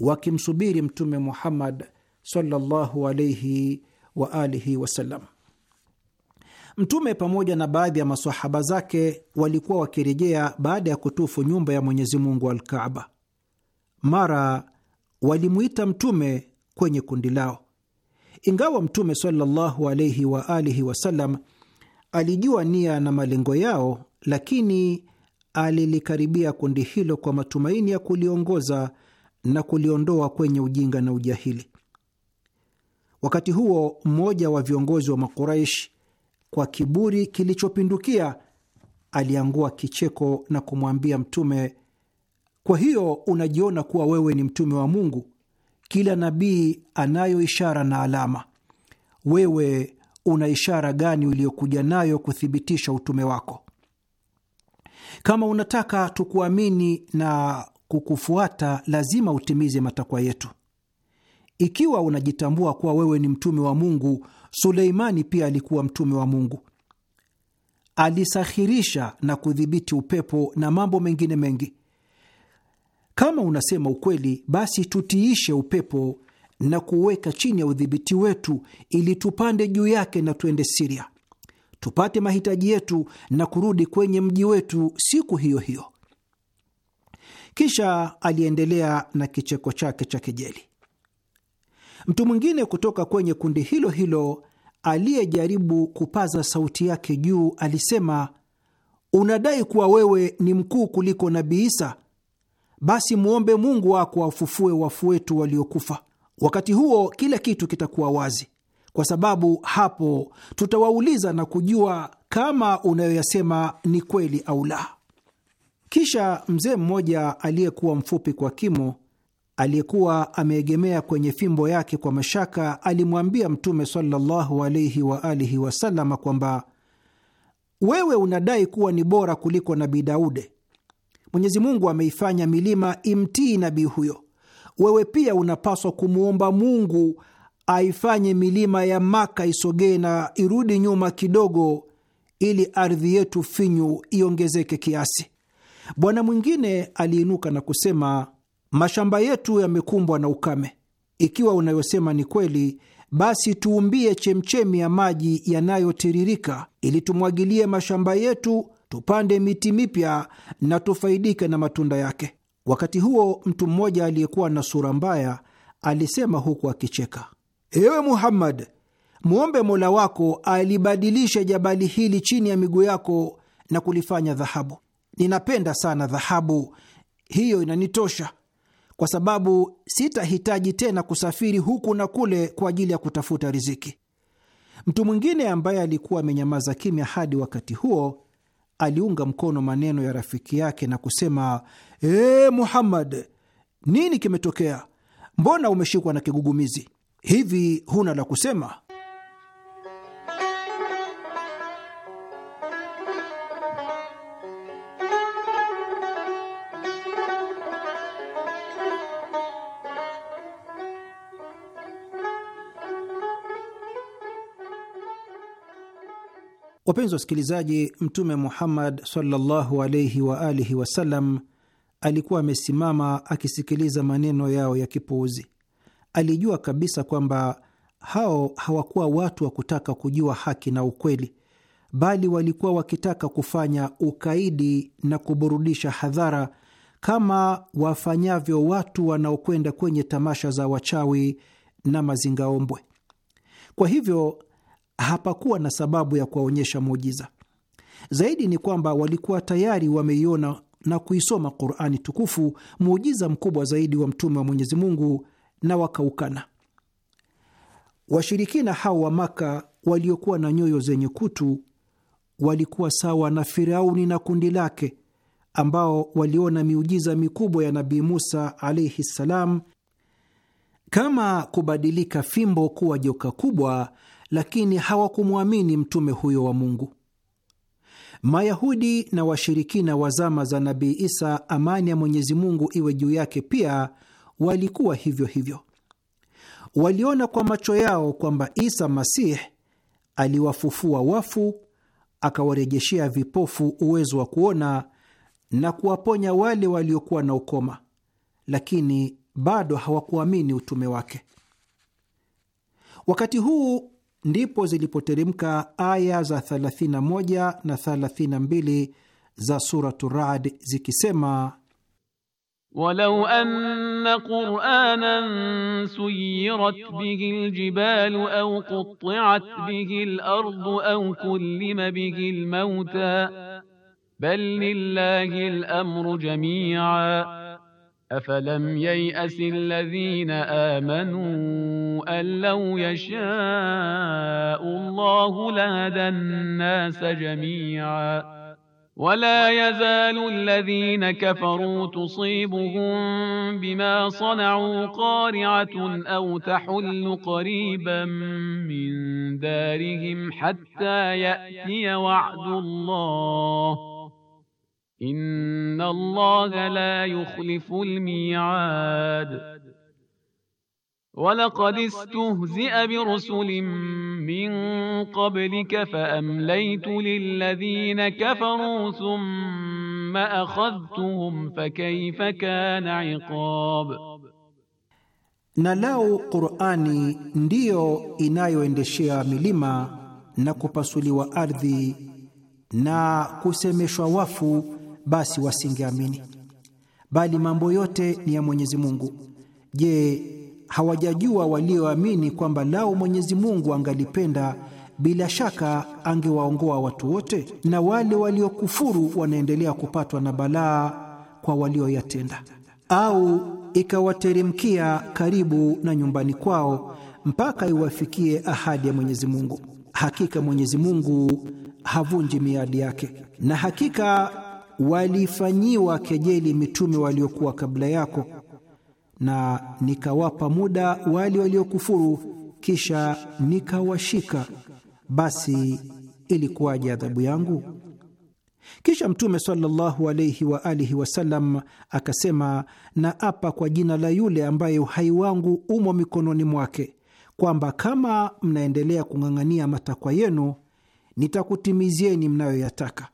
wakimsubiri Mtume Muhammad sallallahu alaihi wa alihi wasallam. Mtume pamoja na baadhi ya masahaba zake walikuwa wakirejea baada ya kutufu nyumba ya Mwenyezi Mungu Mara walimwita mtume kwenye kundi lao. Ingawa mtume sallallahu alaihi wa alihi wasallam alijua nia na malengo yao, lakini alilikaribia kundi hilo kwa matumaini ya kuliongoza na kuliondoa kwenye ujinga na ujahili. Wakati huo mmoja wa viongozi wa Makuraish kwa kiburi kilichopindukia aliangua kicheko na kumwambia Mtume, kwa hiyo unajiona kuwa wewe ni mtume wa Mungu. Kila nabii anayo ishara na alama. Wewe una ishara gani uliyokuja nayo kuthibitisha utume wako? Kama unataka tukuamini na kukufuata, lazima utimize matakwa yetu. Ikiwa unajitambua kuwa wewe ni mtume wa Mungu, Suleimani pia alikuwa mtume wa Mungu. Alisahirisha na kudhibiti upepo na mambo mengine mengi. Kama unasema ukweli, basi tutiishe upepo na kuweka chini ya udhibiti wetu, ili tupande juu yake na tuende Siria tupate mahitaji yetu na kurudi kwenye mji wetu siku hiyo hiyo. Kisha aliendelea na kicheko chake cha kejeli. Mtu mwingine kutoka kwenye kundi hilo hilo aliyejaribu kupaza sauti yake juu alisema, unadai kuwa wewe ni mkuu kuliko Nabii Isa basi mwombe Mungu ako afufue wafu wetu waliokufa. Wakati huo kila kitu kitakuwa wazi, kwa sababu hapo tutawauliza na kujua kama unayoyasema ni kweli au la. Kisha mzee mmoja aliyekuwa mfupi kwa kimo, aliyekuwa ameegemea kwenye fimbo yake kwa mashaka, alimwambia Mtume sallallahu alaihi wa alihi kwamba wewe unadai kuwa ni bora kuliko Nabii Daude Mwenyezi Mungu ameifanya milima imtii nabii huyo. Wewe pia unapaswa kumwomba Mungu aifanye milima ya Maka isogee na irudi nyuma kidogo, ili ardhi yetu finyu iongezeke kiasi. Bwana mwingine aliinuka na kusema, mashamba yetu yamekumbwa na ukame. Ikiwa unayosema ni kweli, basi tuumbie chemchemi ya maji yanayotiririka, ili tumwagilie mashamba yetu tupande miti mipya na tufaidike na matunda yake. Wakati huo mtu mmoja aliyekuwa na sura mbaya alisema huku akicheka, ewe Muhammad, mwombe Mola wako alibadilishe jabali hili chini ya miguu yako na kulifanya dhahabu. Ninapenda sana dhahabu, hiyo inanitosha kwa sababu sitahitaji tena kusafiri huku na kule kwa ajili ya kutafuta riziki. Mtu mwingine ambaye alikuwa amenyamaza kimya hadi wakati huo aliunga mkono maneno ya rafiki yake na kusema, ee Muhammad, nini kimetokea? Mbona umeshikwa na kigugumizi hivi? Huna la kusema? Wapenzi wasikilizaji, Mtume Muhammad sallallahu alaihi wa alihi wasallam alikuwa amesimama akisikiliza maneno yao ya kipuuzi. Alijua kabisa kwamba hao hawakuwa watu wa kutaka kujua haki na ukweli, bali walikuwa wakitaka kufanya ukaidi na kuburudisha hadhara kama wafanyavyo watu wanaokwenda kwenye tamasha za wachawi na mazingaombwe. Kwa hivyo hapakuwa na sababu ya kuwaonyesha muujiza. Zaidi ni kwamba walikuwa tayari wameiona na kuisoma Qurani tukufu, muujiza mkubwa zaidi wa mtume wa Mwenyezi Mungu, na wakaukana. Washirikina hao wa Maka waliokuwa na nyoyo zenye kutu walikuwa sawa na Firauni na kundi lake ambao waliona miujiza mikubwa ya Nabii Musa alaihi ssalam, kama kubadilika fimbo kuwa joka kubwa lakini hawakumwamini mtume huyo wa Mungu. Mayahudi na washirikina wa zama za Nabii Isa, amani ya Mwenyezi Mungu iwe juu yake, pia walikuwa hivyo hivyo. Waliona kwa macho yao kwamba Isa Masih aliwafufua wafu, akawarejeshea vipofu uwezo wa kuona na kuwaponya wale waliokuwa na ukoma, lakini bado hawakuamini utume wake. Wakati huu ndipo zilipoteremka aya za 31 na 32 za Suratu Rad zikisema Walau anna Qur'anan suyirat bihi aljibal au quti'at bihi alard au kullima bihi almauta bal lillahi alamru jami'a أفلم ييأس الذين آمنوا أن لو يشاء الله لهدى الناس جميعا ولا يزال الذين كفروا تصيبهم بما صنعوا قارعة أو تحل قريبا من دارهم حتى يأتي وعد الله إن الله لا يخلف الميعاد ولقد استهزئ برسل من قبلك فأمليت للذين كفروا ثم أخذتهم فكيف كان عقاب na lau Qur'ani ndiyo inayoendeshea milima na kupasuliwa ardhi na kusemeshwa wafu basi wasingeamini. Bali mambo yote ni ya Mwenyezi Mungu. Je, hawajajua walioamini kwamba lao Mwenyezi Mungu angalipenda bila shaka angewaongoa watu wote? Na wale waliokufuru wanaendelea kupatwa na balaa kwa walioyatenda, au ikawateremkia karibu na nyumbani kwao mpaka iwafikie ahadi ya Mwenyezi Mungu. Hakika Mwenyezi Mungu havunji miadi yake, na hakika walifanyiwa kejeli mitume waliokuwa kabla yako, na nikawapa muda wale waliokufuru, kisha nikawashika. Basi ilikuwaje adhabu yangu? Kisha Mtume sallallahu alayhi wa alihi wasallam akasema, na apa kwa jina la yule ambaye uhai wangu umo mikononi mwake, kwamba kama mnaendelea kung'ang'ania matakwa yenu, nitakutimizieni mnayoyataka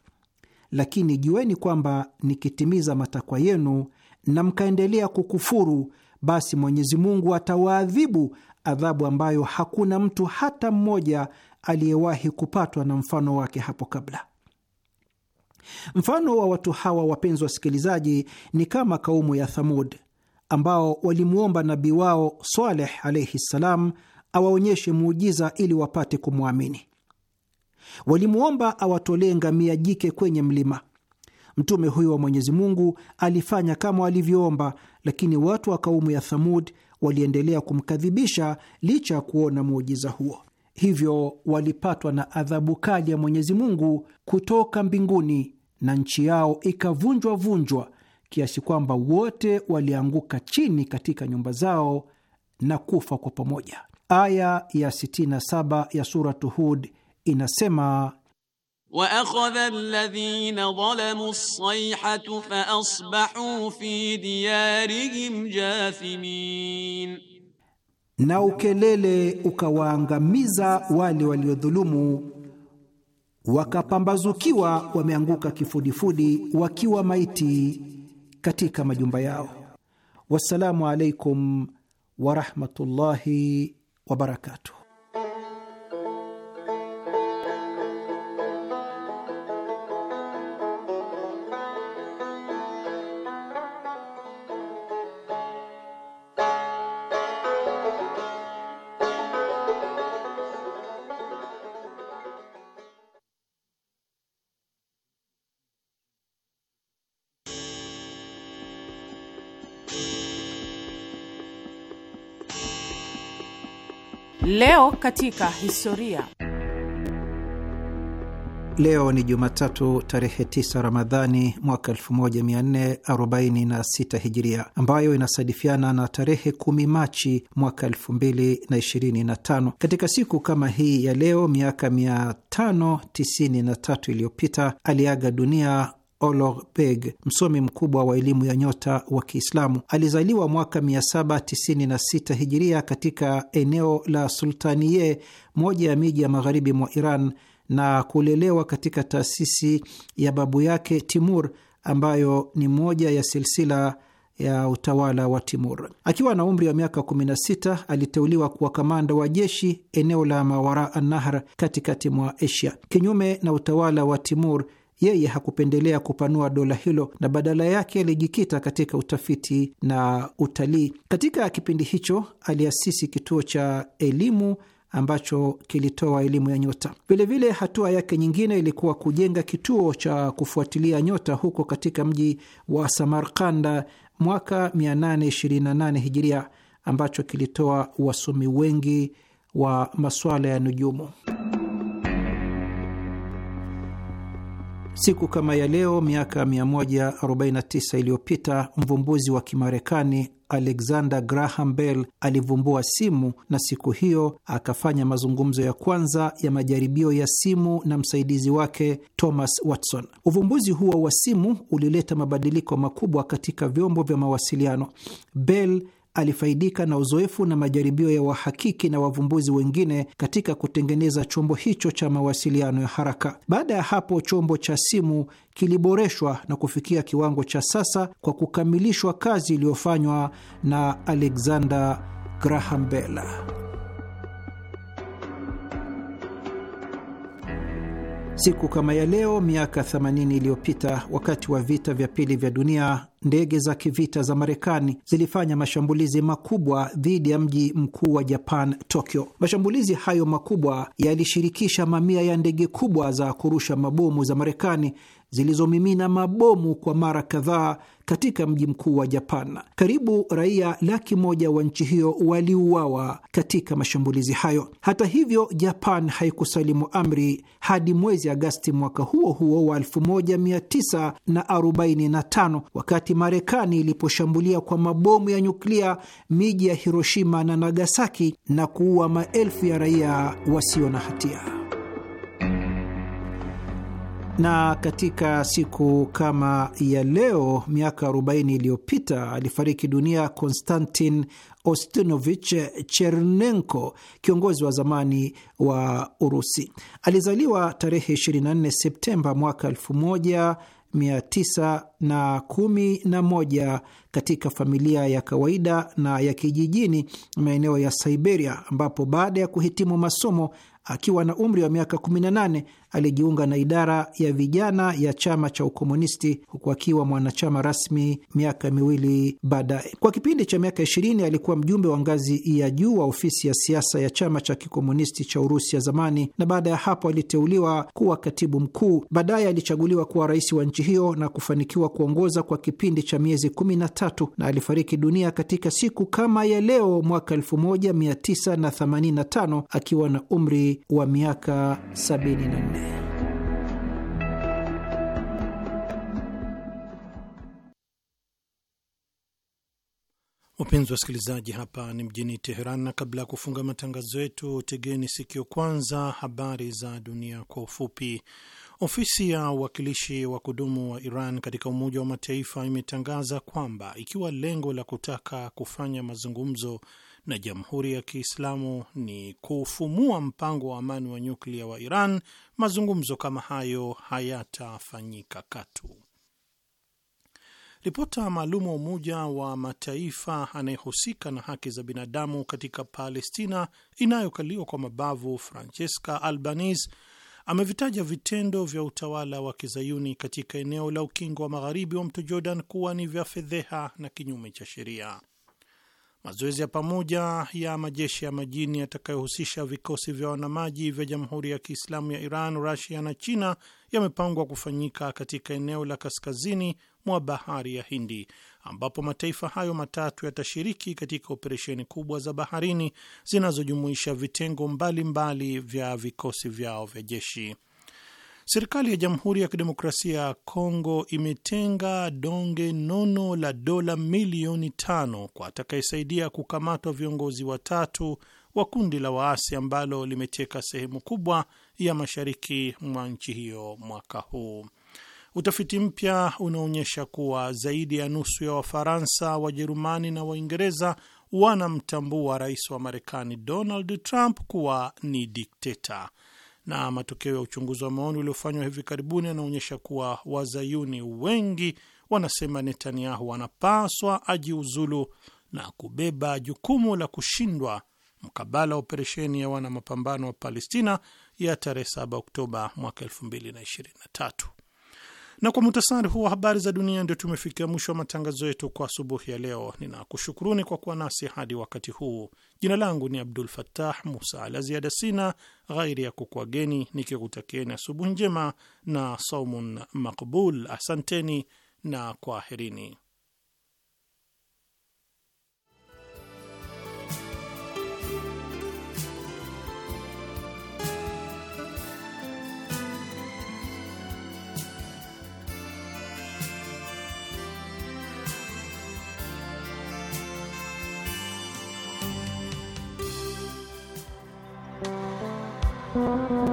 lakini jueni kwamba nikitimiza matakwa yenu na mkaendelea kukufuru, basi Mwenyezi Mungu atawaadhibu adhabu ambayo hakuna mtu hata mmoja aliyewahi kupatwa na mfano wake hapo kabla. Mfano wa watu hawa, wapenzi wasikilizaji, ni kama kaumu ya Thamud ambao walimwomba nabii wao Saleh alaihi ssalam awaonyeshe muujiza ili wapate kumwamini. Walimwomba awatolee ngamia jike kwenye mlima. Mtume huyo wa Mwenyezi Mungu alifanya kama walivyoomba, lakini watu wa kaumu ya Thamud waliendelea kumkadhibisha licha ya kuona muujiza huo. Hivyo walipatwa na adhabu kali ya Mwenyezi Mungu kutoka mbinguni na nchi yao ikavunjwa vunjwa kiasi kwamba wote walianguka chini katika nyumba zao na kufa kwa pamoja. Aya ya 67 ya suratu Hud inasema wa akhadha alladhina zalamu as-sayhatu fa asbahu fi diyarihim jathimin, na ukelele ukawaangamiza wale waliodhulumu wakapambazukiwa wameanguka kifudifudi wakiwa maiti katika majumba yao. Wassalamu alaikum warahmatullahi wabarakatuh. Leo katika historia. Leo ni Jumatatu tarehe 9 Ramadhani mwaka 1446 Hijiria, ambayo inasadifiana na tarehe 10 Machi mwaka 2025. Katika siku kama hii ya leo miaka 593 iliyopita aliaga dunia Beg, msomi mkubwa wa elimu ya nyota wa Kiislamu. Alizaliwa mwaka 796 hijiria katika eneo la Sultanie, moja ya miji ya magharibi mwa Iran, na kulelewa katika taasisi ya babu yake Timur, ambayo ni moja ya silsila ya utawala wa Timur. Akiwa na umri wa miaka 16 aliteuliwa kuwa kamanda wa jeshi eneo la Mawara Annahar katikati mwa Asia. Kinyume na utawala wa Timur, yeye hakupendelea kupanua dola hilo na badala yake alijikita katika utafiti na utalii. Katika kipindi hicho aliasisi kituo cha elimu ambacho kilitoa elimu ya nyota. Vilevile, hatua yake nyingine ilikuwa kujenga kituo cha kufuatilia nyota huko katika mji wa Samarkanda mwaka 828 Hijiria, ambacho kilitoa wasomi wengi wa masuala ya nujumu. Siku kama ya leo miaka 149 iliyopita mvumbuzi wa Kimarekani Alexander Graham Bell alivumbua simu na siku hiyo akafanya mazungumzo ya kwanza ya majaribio ya simu na msaidizi wake Thomas Watson. Uvumbuzi huo wa simu ulileta mabadiliko makubwa katika vyombo vya mawasiliano. Bell alifaidika na uzoefu na majaribio ya wahakiki na wavumbuzi wengine katika kutengeneza chombo hicho cha mawasiliano ya haraka. Baada ya hapo, chombo cha simu kiliboreshwa na kufikia kiwango cha sasa kwa kukamilishwa kazi iliyofanywa na Alexander Graham Bell. Siku kama ya leo miaka 80 iliyopita, wakati wa vita vya pili vya dunia, ndege za kivita za Marekani zilifanya mashambulizi makubwa dhidi ya mji mkuu wa Japan, Tokyo. Mashambulizi hayo makubwa yalishirikisha mamia ya ndege kubwa za kurusha mabomu za Marekani zilizomimina mabomu kwa mara kadhaa katika mji mkuu wa Japan. Karibu raia laki moja wa nchi hiyo waliuawa katika mashambulizi hayo. Hata hivyo, Japan haikusalimu amri hadi mwezi Agasti mwaka huo huo wa 1945 wakati Marekani iliposhambulia kwa mabomu ya nyuklia miji ya Hiroshima na Nagasaki na kuua maelfu ya raia wasio na hatia na katika siku kama ya leo miaka 40 iliyopita alifariki dunia Konstantin Ostinovich Chernenko, kiongozi wa zamani wa Urusi. Alizaliwa tarehe 24 Septemba mwaka 1911 katika familia ya kawaida na ya kijijini maeneo ya Siberia, ambapo baada ya kuhitimu masomo akiwa na umri wa miaka 18 alijiunga na idara ya vijana ya chama cha Ukomunisti huku akiwa mwanachama rasmi miaka miwili baadaye. Kwa kipindi cha miaka ishirini alikuwa mjumbe wa ngazi ya juu wa ofisi ya siasa ya chama cha kikomunisti cha Urusi ya zamani, na baada ya hapo aliteuliwa kuwa katibu mkuu. Baadaye alichaguliwa kuwa rais wa nchi hiyo na kufanikiwa kuongoza kwa kipindi cha miezi kumi na tatu na alifariki dunia katika siku kama ya leo mwaka 1985 akiwa na umri wa miaka 74. Wapenzi wasikilizaji, hapa ni mjini Teheran, na kabla ya kufunga matangazo yetu, tegeni sikio kwanza habari za dunia kwa ufupi. Ofisi ya uwakilishi wa kudumu wa Iran katika Umoja wa Mataifa imetangaza kwamba ikiwa lengo la kutaka kufanya mazungumzo na Jamhuri ya Kiislamu ni kufumua mpango wa amani wa nyuklia wa Iran, mazungumzo kama hayo hayatafanyika katu. Ripota maalum wa Umoja wa Mataifa anayehusika na haki za binadamu katika Palestina inayokaliwa kwa mabavu, Francesca Albanese, amevitaja vitendo vya utawala wa kizayuni katika eneo la ukingo wa magharibi wa mto Jordan kuwa ni vya fedheha na kinyume cha sheria. Mazoezi ya pamoja ya majeshi ya majini yatakayohusisha vikosi vya wanamaji vya Jamhuri ya Kiislamu ya Iran, Rusia na China yamepangwa kufanyika katika eneo la kaskazini mwa bahari ya Hindi, ambapo mataifa hayo matatu yatashiriki katika operesheni kubwa za baharini zinazojumuisha vitengo mbalimbali mbali vya vikosi vyao vya jeshi. Serikali ya Jamhuri ya Kidemokrasia ya Kongo imetenga donge nono la dola milioni tano kwa atakayesaidia kukamatwa viongozi watatu wa kundi la waasi ambalo limeteka sehemu kubwa ya mashariki mwa nchi hiyo mwaka huu. Utafiti mpya unaonyesha kuwa zaidi ya nusu ya Wafaransa, Wajerumani na Waingereza wanamtambua rais wa Marekani Donald Trump kuwa ni dikteta, na matokeo ya uchunguzi wa maoni uliofanywa hivi karibuni yanaonyesha kuwa wazayuni wengi wanasema Netanyahu anapaswa ajiuzulu na kubeba jukumu la kushindwa mkabala wa operesheni ya wanamapambano wa Palestina ya tarehe 7 Oktoba mwaka 2023. Na kwa muhtasari huu wa habari za dunia, ndio tumefikia mwisho wa matangazo yetu kwa asubuhi ya leo. Ninakushukuruni kwa kuwa nasi hadi wakati huu. Jina langu ni Abdul Fattah Musa. La ziada sina ghairi ya kukuageni nikikutakieni asubuhi njema na saumun makbul. Asanteni na kwaherini. Thank you.